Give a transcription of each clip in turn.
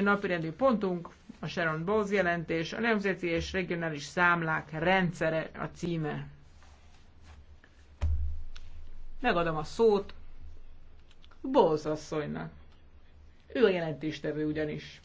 napirendi pontunk a Sharon Bowles jelentés, a Nemzeti és Regionális Számlák rendszere a címe. Megadom a szót Bowles asszonynak. Ő a jelentéstevő ugyanis.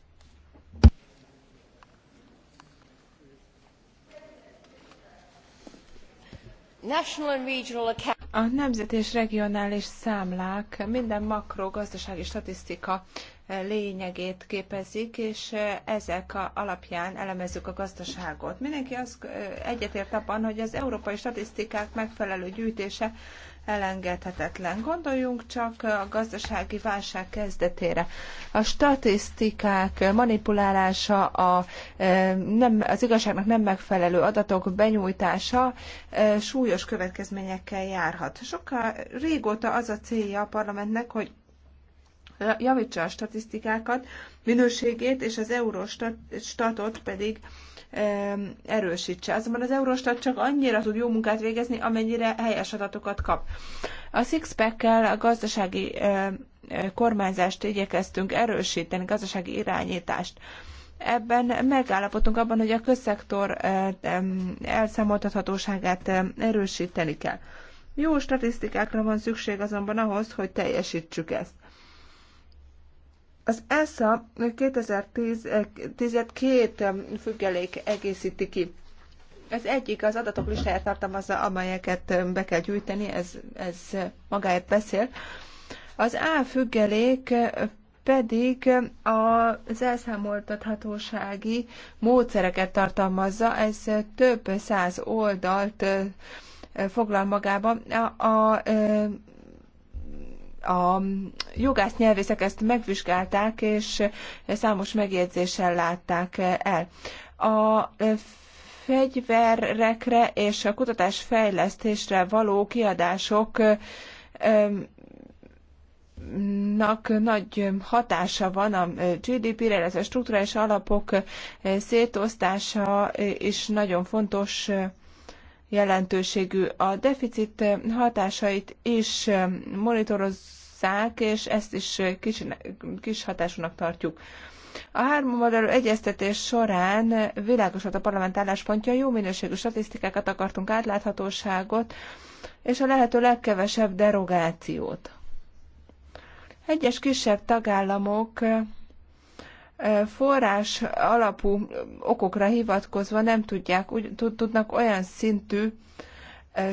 National and regional account a nemzet és regionális számlák minden makrogazdasági statisztika lényegét képezik, és ezek a, alapján elemezzük a gazdaságot. Mindenki az egyetért abban, hogy az európai statisztikák megfelelő gyűjtése elengedhetetlen. Gondoljunk csak a gazdasági válság kezdetére. A statisztikák manipulálása, a, nem, az igazságnak nem megfelelő adatok benyújtása súlyos következményekkel járhat. Sokkal régóta az a célja a parlamentnek, hogy javítsa a statisztikákat, minőségét, és az Eurostatot pedig erősítse. Azonban az Eurostat csak annyira tud jó munkát végezni, amennyire helyes adatokat kap. A Sixpack-kel a gazdasági kormányzást igyekeztünk erősíteni, gazdasági irányítást. Ebben megállapodtunk abban, hogy a közszektor elszámoltathatóságát erősíteni kell. Jó statisztikákra van szükség azonban ahhoz, hogy teljesítsük ezt. Az ESA 2010 eh, két eh, függelék egészíti ki. Ez egyik az adatok listáját tartalmazza, amelyeket eh, be kell gyűjteni, ez, ez magáért beszél. Az A függelék pedig az elszámoltathatósági módszereket tartalmazza, ez több száz oldalt foglal magába. A, a, a jogász nyelvészek ezt megvizsgálták, és számos megjegyzéssel látták el. A fegyverekre és a kutatás fejlesztésre való kiadások nagy hatása van a GDP-re, ez a strukturális alapok szétosztása is nagyon fontos jelentőségű. A deficit hatásait is monitorozzák, és ezt is kis, kis hatásúnak tartjuk. A három oldalú egyeztetés során világos volt a parlament álláspontja, jó minőségű statisztikákat akartunk, átláthatóságot, és a lehető legkevesebb derogációt. Egyes kisebb tagállamok forrás alapú okokra hivatkozva nem tudják, úgy, tudnak olyan szintű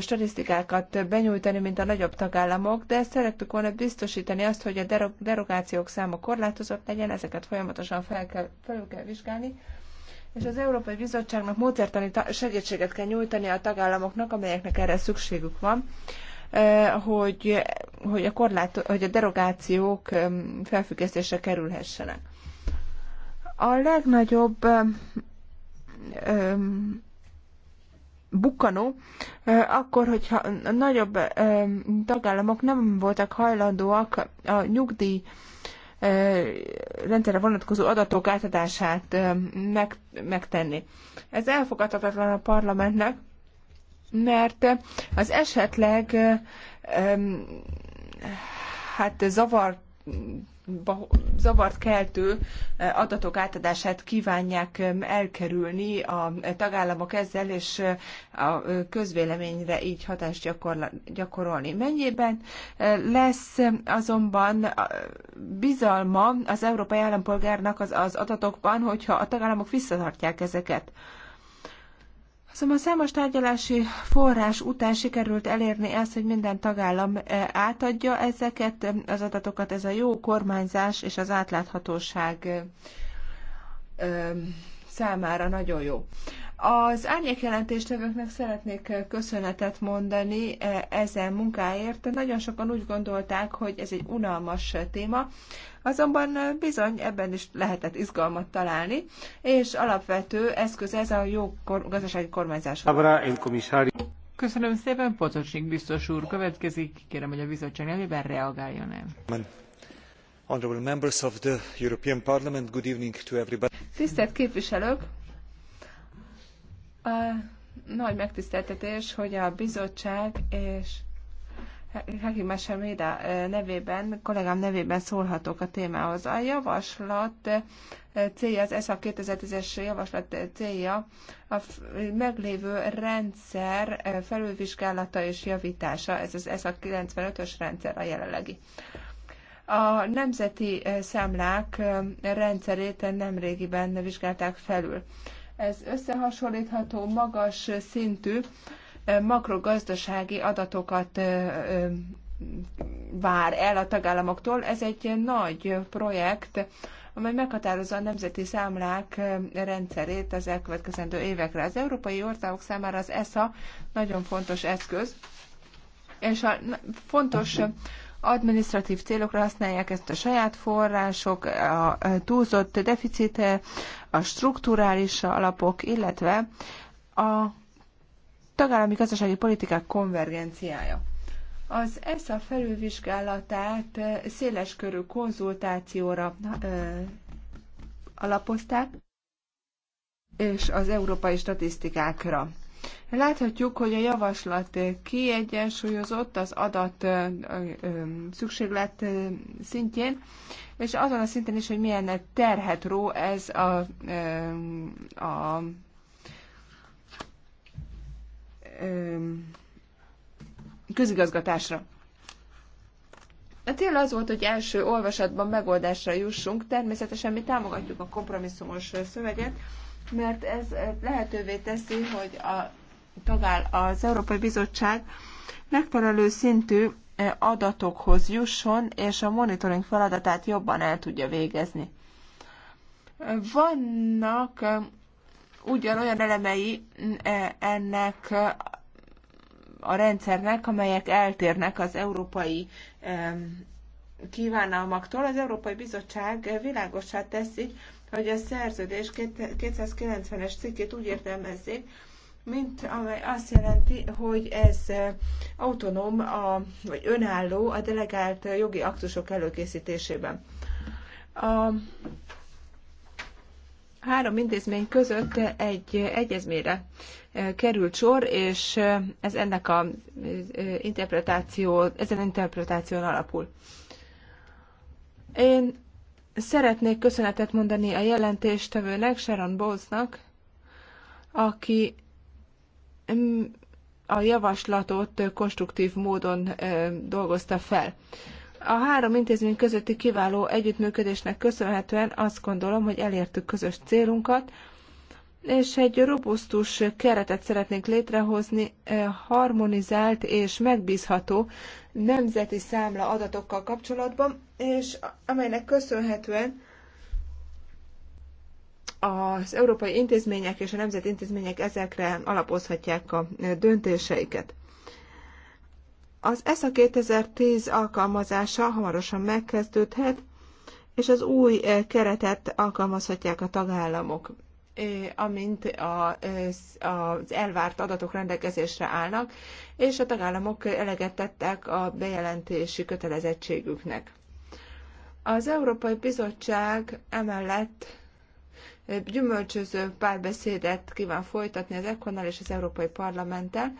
statisztikákat benyújtani, mint a nagyobb tagállamok, de szerettük volna biztosítani azt, hogy a derogációk száma korlátozott legyen, ezeket folyamatosan fel kell, felül kell vizsgálni, és az Európai Bizottságnak módszertani segítséget kell nyújtani a tagállamoknak, amelyeknek erre szükségük van, hogy, hogy, a, korlát, hogy a derogációk felfüggesztésre kerülhessenek. A legnagyobb bukkanó, akkor, hogyha a nagyobb tagállamok nem voltak hajlandóak a nyugdíj rendszerre vonatkozó adatok átadását megtenni. Ez elfogadhatatlan a parlamentnek, mert az esetleg hát zavar zavart keltő eh, adatok átadását kívánják elkerülni a tagállamok ezzel, és eh, a közvéleményre így hatást gyakorolni. Mennyiben eh, lesz azonban bizalma az európai állampolgárnak az, az adatokban, hogyha a tagállamok visszatartják ezeket? Szóval számos tárgyalási forrás után sikerült elérni ezt, hogy minden tagállam eh, átadja ezeket az adatokat, ez a jó kormányzás és az átláthatóság eh, eh, számára nagyon jó. Az árnyékjelentéstevőknek szeretnék eh, köszönetet mondani eh, ezen munkáért. Nagyon sokan úgy gondolták, hogy ez egy unalmas eh, téma, azonban bizony ebben is lehetett izgalmat találni, és alapvető eszköz ez a jó kor- gazdasági kormányzás. Köszönöm szépen, Potocsnik biztos úr következik. Kérem, hogy a bizottság nevében reagáljon el. Honorable members of the European Parliament, good evening to everybody. Tisztelt képviselők, a nagy megtiszteltetés, hogy a bizottság és Hakim Meseméda nevében, kollégám nevében szólhatok a témához. A javaslat célja, az ESA 2010-es javaslat célja a meglévő rendszer felülvizsgálata és javítása. Ez az ESA 95-ös rendszer a jelenlegi. A nemzeti számlák rendszerét nemrégiben vizsgálták felül. Ez összehasonlítható, magas szintű makrogazdasági adatokat vár el a tagállamoktól. Ez egy nagy projekt, amely meghatározza a nemzeti számlák rendszerét az elkövetkezendő évekre. Az európai országok számára az ESA nagyon fontos eszköz, és a fontos administratív célokra használják ezt a saját források, a túlzott deficite, a strukturális alapok, illetve a tagállami gazdasági politikák konvergenciája. Az ESZA felülvizsgálatát körű konzultációra alapozták, és az európai statisztikákra. Láthatjuk, hogy a javaslat kiegyensúlyozott az adat szükséglet szintjén, és azon a szinten is, hogy milyen terhet ró ez a, a közigazgatásra. A cél az volt, hogy első olvasatban megoldásra jussunk. Természetesen mi támogatjuk a kompromisszumos szöveget, mert ez lehetővé teszi, hogy a tovább az Európai Bizottság megfelelő szintű e, adatokhoz jusson, és a monitoring feladatát jobban el tudja végezni. Vannak e, ugyanolyan elemei e, ennek a rendszernek, amelyek eltérnek az európai kívánalmaktól. Az Európai Bizottság világosá teszi, hogy a szerződés 290-es cikkét úgy értelmezzék, mint amely azt jelenti, hogy ez autonóm, a, vagy önálló a delegált jogi aktusok előkészítésében. A három intézmény között egy egyezményre került sor, és ez ennek a interpretáció, ezen interpretáción alapul. Én Szeretnék köszönetet mondani a jelentéstevőnek, Sharon Bowlesnak, aki mm, a javaslatot konstruktív módon dolgozta fel. A három intézmény közötti kiváló együttműködésnek köszönhetően azt gondolom, hogy elértük közös célunkat, és egy robusztus keretet szeretnénk létrehozni, eh, harmonizált és megbízható nemzeti számla adatokkal kapcsolatban, és amelynek köszönhetően az európai intézmények és a nemzeti intézmények ezekre alapozhatják a eh, döntéseiket. Az ESA 2010 alkalmazása hamarosan megkezdődhet, és az új eh, keretet alkalmazhatják a tagállamok amint az elvárt adatok rendelkezésre állnak, és a tagállamok eleget tettek a bejelentési kötelezettségüknek. Az Európai Bizottság emellett gyümölcsöző párbeszédet kíván folytatni az Ekonnal és az Európai Parlamenttel,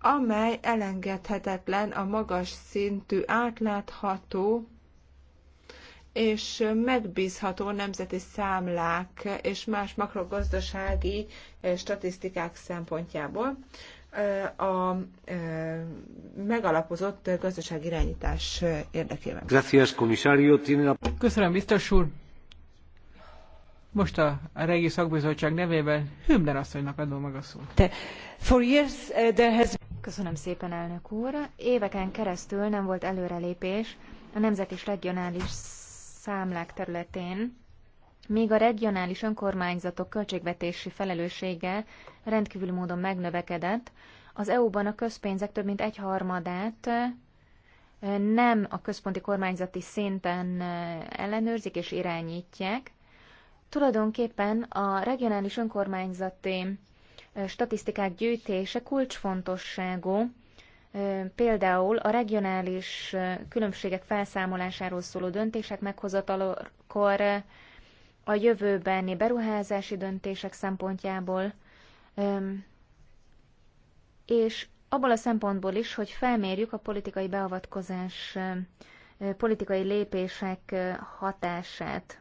amely elengedhetetlen a magas szintű átlátható és megbízható nemzeti számlák és más makrogazdasági statisztikák szempontjából a megalapozott irányítás érdekében. Köszönöm, biztos úr. Most a, régi Regi Szakbizottság nevében Hümden asszonynak adom meg a szót. For years, uh, there has... Köszönöm szépen, elnök úr. Éveken keresztül nem volt előrelépés a nemzeti és regionális számlák területén, még a regionális önkormányzatok költségvetési felelőssége rendkívül módon megnövekedett, az EU-ban a közpénzek több mint egyharmadát nem a központi kormányzati szinten ellenőrzik és irányítják. Tulajdonképpen a regionális önkormányzati statisztikák gyűjtése kulcsfontosságú Például a regionális különbségek felszámolásáról szóló döntések meghozatalakor a jövőbeni beruházási döntések szempontjából, és abból a szempontból is, hogy felmérjük a politikai beavatkozás, politikai lépések hatását.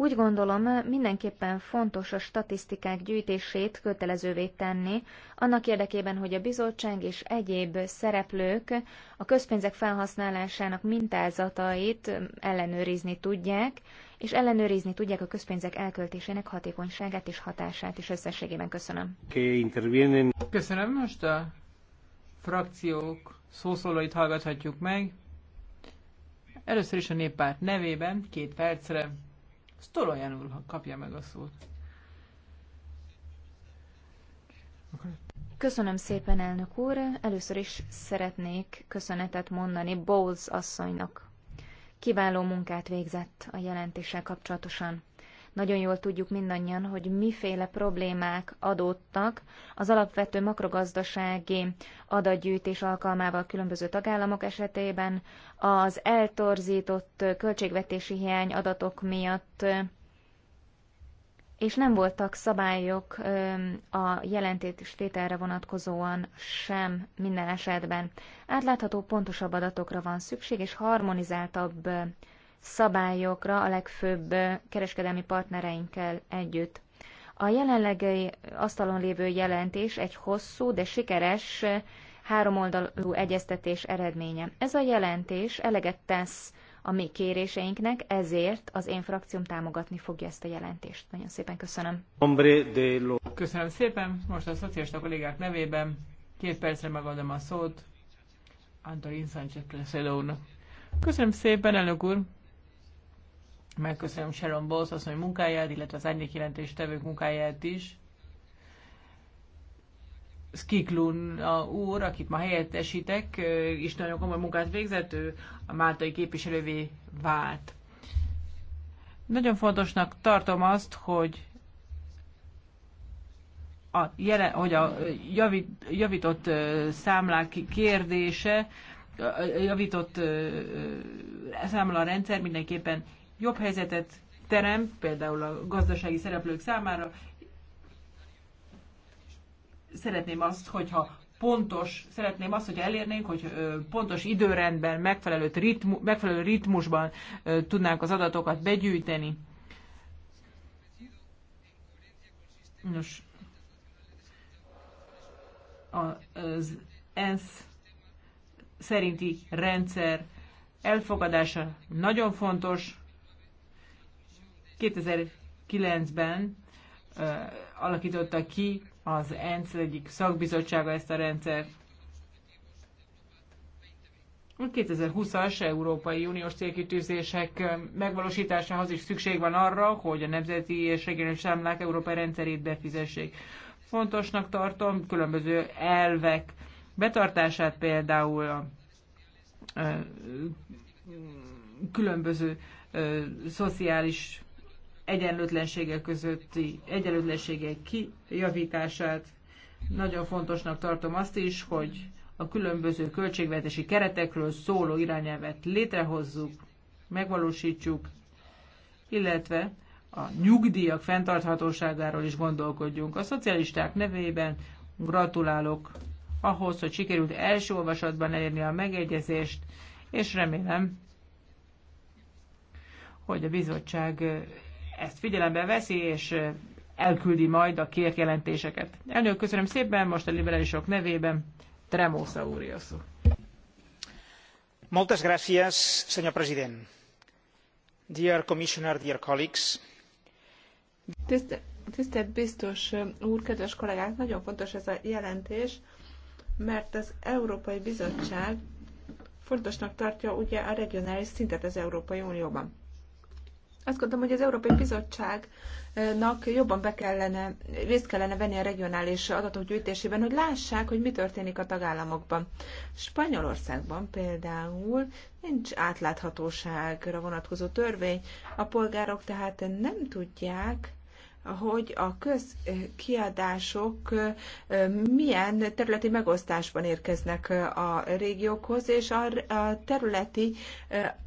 Úgy gondolom, mindenképpen fontos a statisztikák gyűjtését kötelezővé tenni, annak érdekében, hogy a bizottság és egyéb szereplők a közpénzek felhasználásának mintázatait ellenőrizni tudják, és ellenőrizni tudják a közpénzek elköltésének hatékonyságát és hatását is összességében. Köszönöm. Köszönöm. Most a frakciók szószólóit hallgathatjuk meg. Először is a néppárt nevében két percre Stolojan úr kapja meg a szót. Köszönöm szépen, elnök úr. Először is szeretnék köszönetet mondani Bowles asszonynak. Kiváló munkát végzett a jelentéssel kapcsolatosan. Nagyon jól tudjuk mindannyian, hogy miféle problémák adódtak az alapvető makrogazdasági adatgyűjtés alkalmával különböző tagállamok esetében, az eltorzított költségvetési hiány adatok miatt, és nem voltak szabályok a jelentéstételre vonatkozóan sem minden esetben. Átlátható, pontosabb adatokra van szükség, és harmonizáltabb szabályokra a legfőbb kereskedelmi partnereinkkel együtt. A jelenlegi asztalon lévő jelentés egy hosszú, de sikeres háromoldalú egyeztetés eredménye. Ez a jelentés eleget tesz a mi kéréseinknek, ezért az én frakcióm támogatni fogja ezt a jelentést. Nagyon szépen köszönöm. Köszönöm szépen. Most a szociálista kollégák nevében két percre megadom a szót Antolin Sánchez Köszönöm szépen, elnök úr. Megköszönöm Sharon Bowles asszony munkáját, illetve az árnyék jelentéstevők munkáját is. Skiklun a úr, akit ma helyettesítek, is nagyon komoly munkát végzett, ő a máltai képviselővé vált. Nagyon fontosnak tartom azt, hogy a, jelen, hogy a javít, javított számlák kérdése, javított számla rendszer mindenképpen jobb helyzetet terem, például a gazdasági szereplők számára. Szeretném azt, hogyha pontos, szeretném azt, hogy elérnénk, hogy pontos időrendben, megfelelő, ritmu, megfelelő ritmusban tudnánk az adatokat begyűjteni. Nos, az ENSZ szerinti rendszer elfogadása nagyon fontos, 2009-ben alakította ki az ENSZ egyik szakbizottsága ezt a rendszert. 2020-as Európai Uniós célkitűzések megvalósításához is szükség van arra, hogy a nemzeti és regionális számlák európai rendszerét befizessék. Fontosnak tartom különböző elvek betartását, például a különböző szociális egyenlőtlenségek közötti egyenlőtlenségek kijavítását. Nagyon fontosnak tartom azt is, hogy a különböző költségvetési keretekről szóló irányelvet létrehozzuk, megvalósítsuk, illetve a nyugdíjak fenntarthatóságáról is gondolkodjunk. A szocialisták nevében gratulálok ahhoz, hogy sikerült első olvasatban elérni a megegyezést, és remélem, hogy a bizottság ezt figyelembe veszi, és elküldi majd a kért jelentéseket. Elnök, köszönöm szépen, most a liberálisok nevében Tremósza úr Moltes gracias, señor president. Dear commissioner, dear colleagues. Tisztelt, tisztelt biztos úr, kedves kollégák, nagyon fontos ez a jelentés, mert az Európai Bizottság fontosnak tartja ugye a regionális szintet az Európai Unióban. Azt gondolom, hogy az Európai Bizottságnak jobban be kellene, részt kellene venni a regionális adatok gyűjtésében, hogy lássák, hogy mi történik a tagállamokban. Spanyolországban például nincs átláthatóságra vonatkozó törvény, a polgárok tehát nem tudják, hogy a közkiadások milyen területi megosztásban érkeznek a régiókhoz, és a területi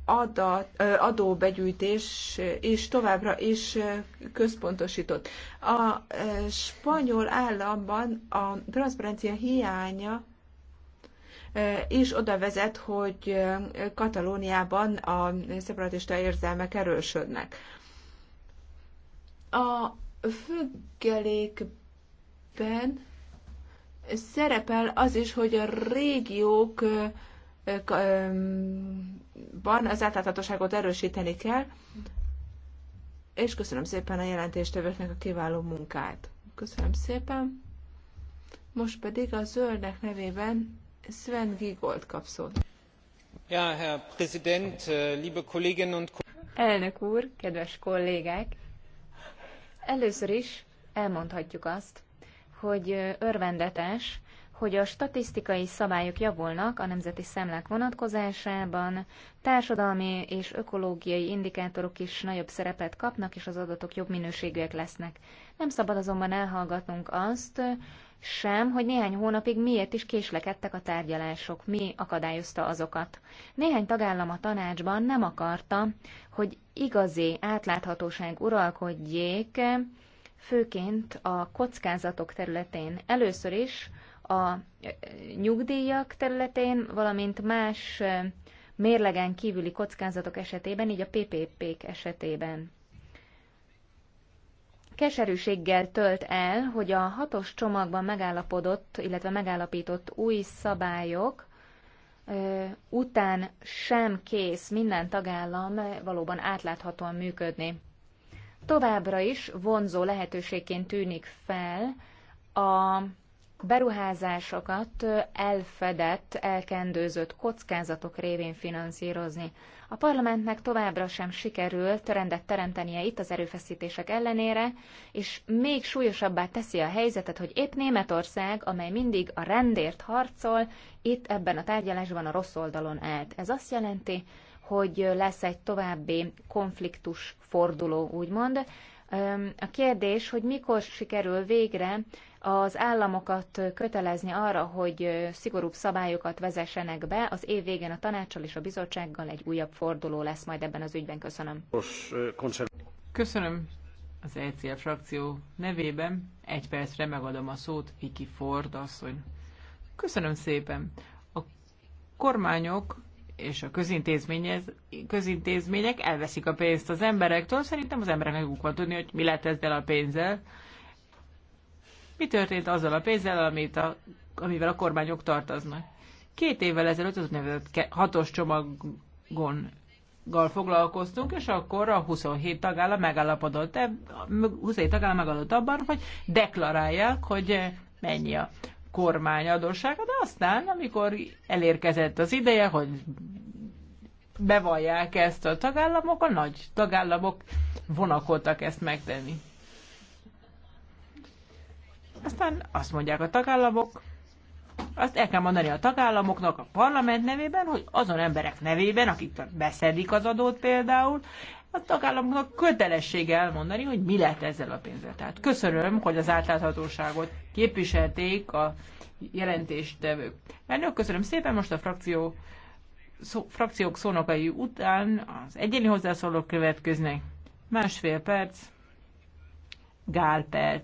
adat, adóbegyűjtés is továbbra is központosított. A spanyol államban a transzparencia hiánya és oda vezet, hogy Katalóniában a szeparatista érzelmek erősödnek. A függelékben szerepel az is, hogy a régiókban az átláthatóságot erősíteni kell, és köszönöm szépen a jelentéstevőknek a kiváló munkát. Köszönöm szépen. Most pedig a zöldnek nevében Sven Gigold kap szót. Ja, Herr Präsident, äh, liebe Kolleginnen und Elnök úr, kedves kollégák! Először is elmondhatjuk azt, hogy örvendetes, hogy a statisztikai szabályok javulnak a nemzeti szemlek vonatkozásában, társadalmi és ökológiai indikátorok is nagyobb szerepet kapnak, és az adatok jobb minőségűek lesznek. Nem szabad azonban elhallgatnunk azt sem, hogy néhány hónapig miért is késlekedtek a tárgyalások, mi akadályozta azokat. Néhány tagállam a tanácsban nem akarta, hogy igazi átláthatóság uralkodjék, főként a kockázatok területén. Először is, a nyugdíjak területén, valamint más mérlegen kívüli kockázatok esetében, így a PPP-k esetében. Keserűséggel tölt el, hogy a hatos csomagban megállapodott, illetve megállapított új szabályok után sem kész minden tagállam valóban átláthatóan működni. Továbbra is vonzó lehetőségként tűnik fel a beruházásokat elfedett, elkendőzött kockázatok révén finanszírozni. A parlamentnek továbbra sem sikerült rendet teremtenie itt az erőfeszítések ellenére, és még súlyosabbá teszi a helyzetet, hogy épp Németország, amely mindig a rendért harcol, itt ebben a tárgyalásban a rossz oldalon állt. Ez azt jelenti, hogy lesz egy további konfliktus forduló, úgymond. A kérdés, hogy mikor sikerül végre az államokat kötelezni arra, hogy szigorúbb szabályokat vezessenek be. Az év végén a tanácsal és a bizottsággal egy újabb forduló lesz majd ebben az ügyben. Köszönöm. Köszönöm az ECR frakció nevében. Egy percre megadom a szót Viki Ford asszony. Köszönöm szépen. A kormányok és a közintézmények elveszik a pénzt az emberektől. Szerintem az embereknek úgy van tudni, hogy mi lett ezzel a pénzzel. Mi történt azzal a pénzzel, amit a, amivel a kormányok tartoznak? Két évvel ezelőtt az úgynevezett hatos csomagon foglalkoztunk, és akkor a 27 tagállam megállapodott, 27 tagállam megállapodott abban, hogy deklarálják, hogy mennyi a kormány adóssága, de aztán, amikor elérkezett az ideje, hogy bevallják ezt a tagállamok, a nagy tagállamok vonakodtak ezt megtenni. Aztán azt mondják a tagállamok, azt el kell mondani a tagállamoknak a parlament nevében, hogy azon emberek nevében, akik beszedik az adót például, a tagállamoknak kötelessége elmondani, hogy mi lett ezzel a pénzzel. Tehát köszönöm, hogy az átláthatóságot képviselték a jelentéstevők. Elnök, köszönöm szépen, most a frakció, szó, frakciók szónokai után az egyéni hozzászólók következnek. Másfél perc, Gál perc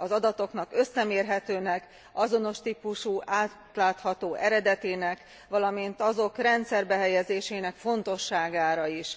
az adatoknak összemérhetőnek azonos tpusú átlátható eredetének valamint azok rendszerbe helyezésének fontosságára is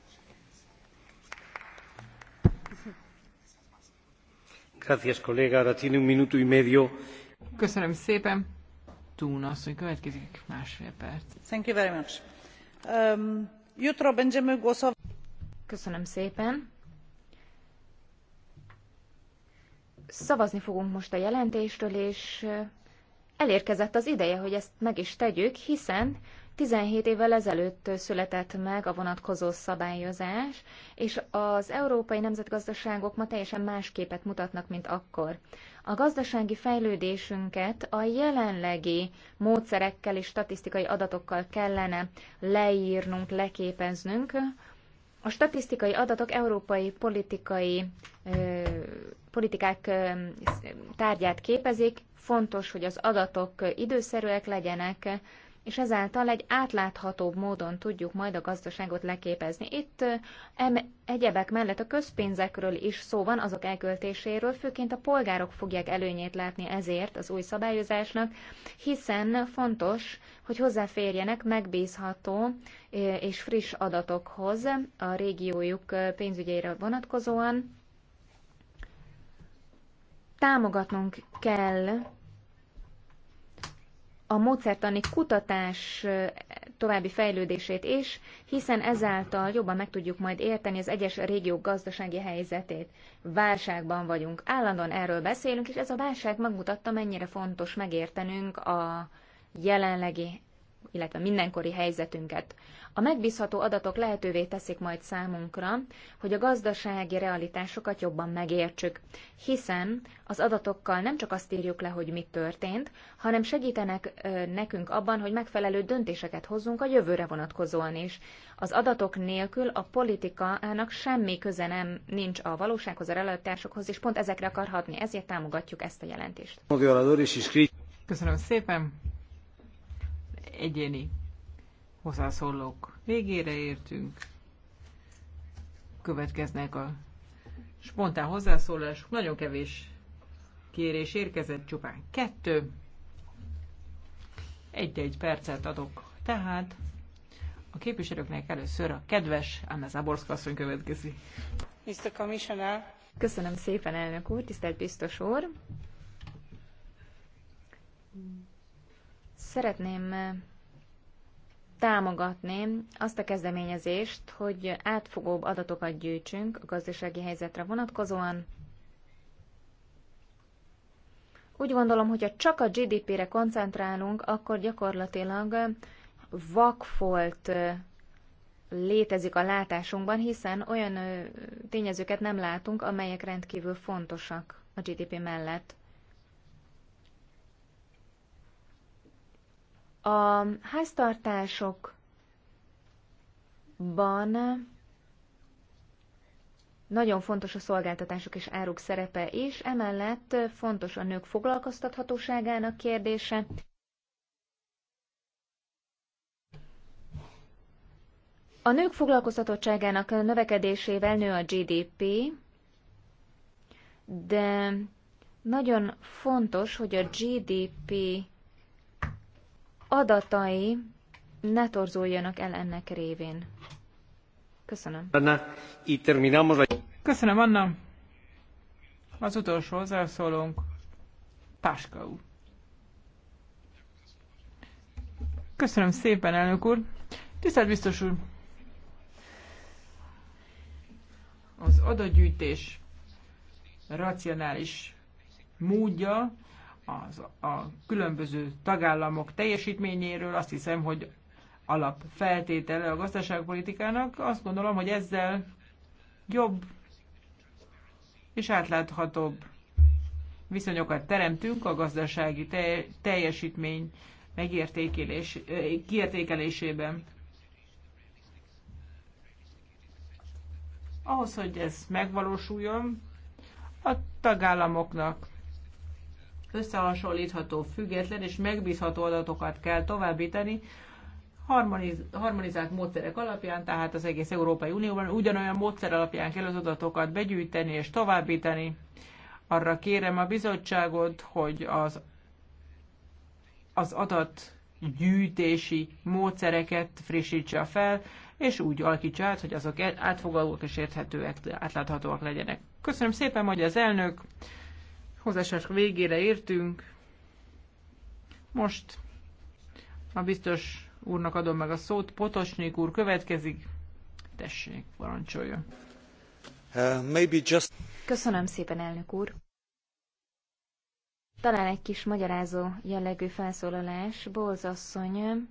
Köszönöm szépen. Tún asszony, következik másfél perc. Thank you very much. Um, jutro będziemy Köszönöm szépen. Szavazni fogunk most a jelentéstől, és elérkezett az ideje, hogy ezt meg is tegyük, hiszen 17 évvel ezelőtt született meg a vonatkozó szabályozás, és az európai nemzetgazdaságok ma teljesen más képet mutatnak, mint akkor. A gazdasági fejlődésünket a jelenlegi módszerekkel és statisztikai adatokkal kellene leírnunk, leképeznünk. A statisztikai adatok európai politikai politikák tárgyát képezik, fontos, hogy az adatok időszerűek legyenek, és ezáltal egy átláthatóbb módon tudjuk majd a gazdaságot leképezni. Itt egyebek mellett a közpénzekről is szó van, azok elköltéséről, főként a polgárok fogják előnyét látni ezért az új szabályozásnak, hiszen fontos, hogy hozzáférjenek megbízható és friss adatokhoz a régiójuk pénzügyére vonatkozóan. Támogatnunk kell a módszertani kutatás további fejlődését is, hiszen ezáltal jobban meg tudjuk majd érteni az egyes régiók gazdasági helyzetét. Válságban vagyunk, állandóan erről beszélünk, és ez a válság megmutatta, mennyire fontos megértenünk a jelenlegi illetve mindenkori helyzetünket. A megbízható adatok lehetővé teszik majd számunkra, hogy a gazdasági realitásokat jobban megértsük, hiszen az adatokkal nem csak azt írjuk le, hogy mi történt, hanem segítenek nekünk abban, hogy megfelelő döntéseket hozzunk a jövőre vonatkozóan is. Az adatok nélkül a politikának semmi köze nem nincs a valósághoz, a realitásokhoz, és pont ezekre akarhatni ezért támogatjuk ezt a jelentést. Köszönöm szépen! egyéni hozzászólók végére értünk. Következnek a spontán hozzászólások. Nagyon kevés kérés érkezett, csupán kettő. Egy-egy percet adok. Tehát a képviselőknek először a kedves Anna Zaborszka asszony következik. Mr. Commissioner. Köszönöm szépen, elnök úr, tisztelt biztos úr. Szeretném eh, támogatni azt a kezdeményezést, hogy átfogóbb adatokat gyűjtsünk a gazdasági helyzetre vonatkozóan. Úgy gondolom, hogyha csak a GDP-re koncentrálunk, akkor gyakorlatilag vakfolt eh, létezik a látásunkban, hiszen olyan eh, tényezőket nem látunk, amelyek rendkívül fontosak a GDP mellett. A háztartásokban nagyon fontos a szolgáltatások és áruk szerepe is, emellett fontos a nők foglalkoztathatóságának kérdése. A nők foglalkoztatottságának növekedésével nő a GDP, de nagyon fontos, hogy a GDP adatai ne torzuljanak el ennek révén. Köszönöm. Anna, így terminamos. Köszönöm, Anna. Az utolsó hozzászólónk, Páska úr. Köszönöm szépen, elnök úr. Tisztelt biztos úr! Az adatgyűjtés racionális módja az, a különböző tagállamok teljesítményéről, azt hiszem, hogy alapfeltétele a gazdaságpolitikának. Azt gondolom, hogy ezzel jobb és átláthatóbb viszonyokat teremtünk a gazdasági te- teljesítmény megértékelés, kiértékelésében. Ahhoz, hogy ez megvalósuljon, a tagállamoknak összehasonlítható, független és megbízható adatokat kell továbbítani, harmoniz, harmonizált módszerek alapján, tehát az egész Európai Unióban ugyanolyan módszer alapján kell az adatokat begyűjteni és továbbítani. Arra kérem a bizottságot, hogy az, az adatgyűjtési módszereket frissítse fel, és úgy alakítsa át, hogy azok e-, átfogalók és érthetőek, átláthatóak legyenek. Köszönöm szépen, hogy az elnök hozzáság végére értünk. Most a biztos úrnak adom meg a szót. Potosnyék úr következik. Tessék, parancsolja. Uh, maybe just... Köszönöm szépen, elnök úr. Talán egy kis magyarázó jellegű felszólalás. Bolz asszony uh,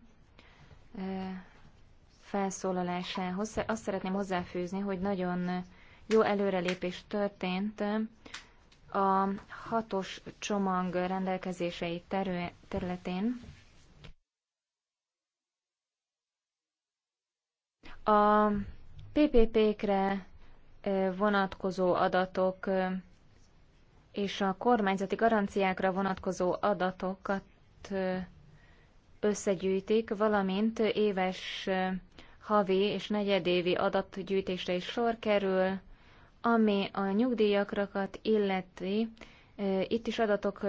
felszólalásához azt szeretném hozzáfűzni, hogy nagyon jó előrelépés történt a hatos csomag rendelkezései területén a PPP-kre vonatkozó adatok és a kormányzati garanciákra vonatkozó adatokat összegyűjtik, valamint éves havi és negyedévi adatgyűjtésre is sor kerül, ami a nyugdíjakrakat illeti, itt is adatok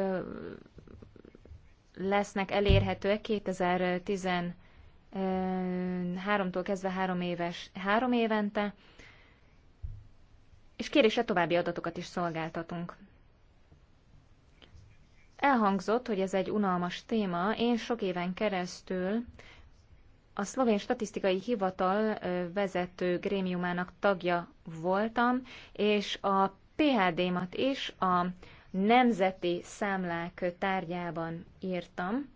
lesznek elérhetőek 2013-tól kezdve három, éves, három évente, és kérésre további adatokat is szolgáltatunk. Elhangzott, hogy ez egy unalmas téma. Én sok éven keresztül a szlovén statisztikai hivatal vezető grémiumának tagja voltam, és a PHD-mat is a nemzeti számlák tárgyában írtam.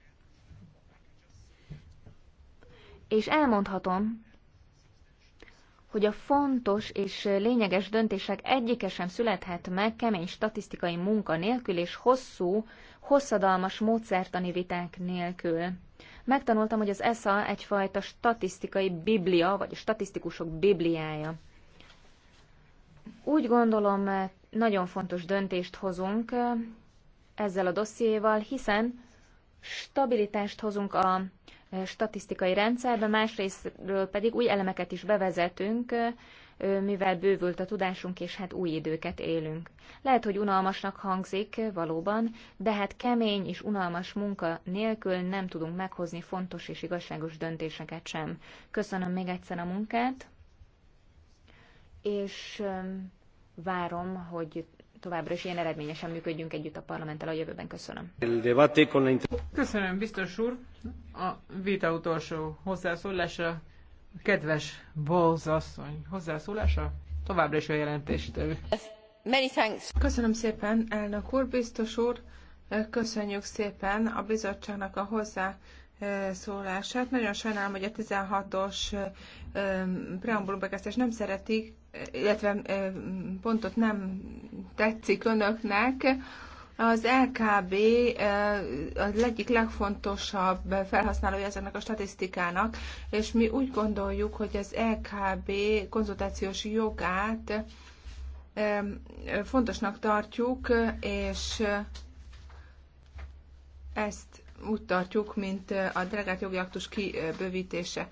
És elmondhatom, hogy a fontos és lényeges döntések egyike sem születhet meg kemény statisztikai munka nélkül és hosszú, hosszadalmas módszertani viták nélkül. Megtanultam, hogy az ESA egyfajta statisztikai biblia, vagy a statisztikusok bibliája. Úgy gondolom, nagyon fontos döntést hozunk ezzel a dossziéval, hiszen stabilitást hozunk a statisztikai rendszerbe, másrésztről pedig új elemeket is bevezetünk, mivel bővült a tudásunk, és hát új időket élünk. Lehet, hogy unalmasnak hangzik valóban, de hát kemény és unalmas munka nélkül nem tudunk meghozni fontos és igazságos döntéseket sem. Köszönöm még egyszer a munkát, és várom, hogy továbbra is ilyen eredményesen működjünk együtt a parlamenttel a jövőben. Köszönöm. Köszönöm, biztos úr. A vita utolsó hozzászólása Kedves Bolz asszony, hozzászólása? Továbbra is a jelentést Many thanks. Köszönöm szépen, elnök úr, biztos úr. Köszönjük szépen a bizottságnak a hozzá szólását. Nagyon sajnálom, hogy a 16-os preambulum bekezdés nem szeretik, illetve pontot nem tetszik önöknek. Az LKB az egyik legfontosabb felhasználója ezeknek a statisztikának, és mi úgy gondoljuk, hogy az LKB konzultációs jogát fontosnak tartjuk, és ezt úgy tartjuk, mint a delegált jogi aktus kibővítése.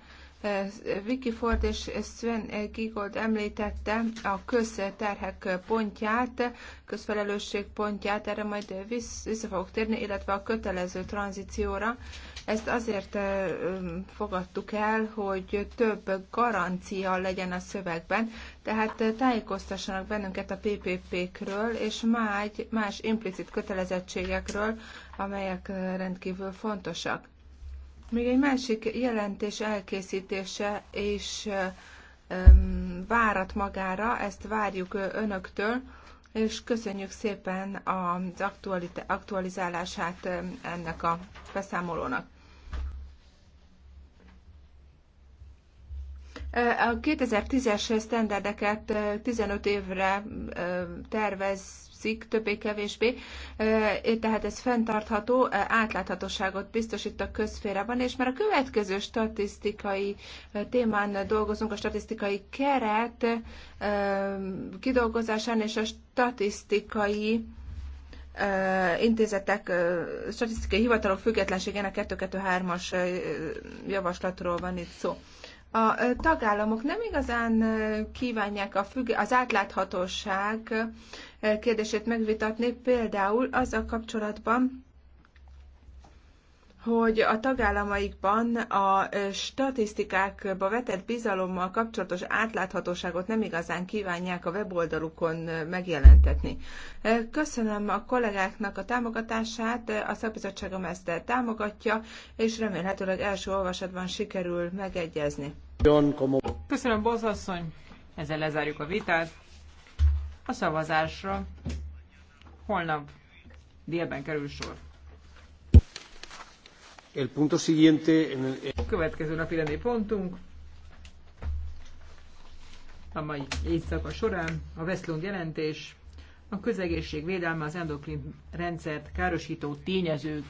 Vicky Ford és Sven Gigold említette a közterhek pontját, közfelelősség pontját, erre majd vissza fogok térni, illetve a kötelező tranzícióra. Ezt azért fogadtuk el, hogy több garancia legyen a szövegben, tehát tájékoztassanak bennünket a PPP-kről és más, más implicit kötelezettségekről, amelyek rendkívül fontosak. Még egy másik jelentés elkészítése is várat magára, ezt várjuk önöktől, és köszönjük szépen az aktualizálását ennek a beszámolónak. A 2010-es sztenderdeket 15 évre tervez cikk, többé-kevésbé, tehát ez fenntartható átláthatóságot biztosít a közférában, és már a következő statisztikai témán dolgozunk, a statisztikai keret kidolgozásán és a statisztikai intézetek, statisztikai hivatalok függetlenségének 3 as javaslatról van itt szó. A tagállamok nem igazán kívánják a függ, az átláthatóság kérdését megvitatni, például az a kapcsolatban, hogy a tagállamaikban a statisztikákba vetett bizalommal kapcsolatos átláthatóságot nem igazán kívánják a weboldalukon megjelentetni. Köszönöm a kollégáknak a támogatását, a szakbizottságom ezt támogatja, és remélhetőleg első olvasatban sikerül megegyezni. Köszönöm, Bozasszony! Ezzel lezárjuk a vitát. A szavazásra holnap délben kerül sor. El punto siguiente en el... Következő napi rendi pontunk a mai éjszaka során a Veszlund jelentés a közegészség védelme az endokrin rendszert károsító tényezők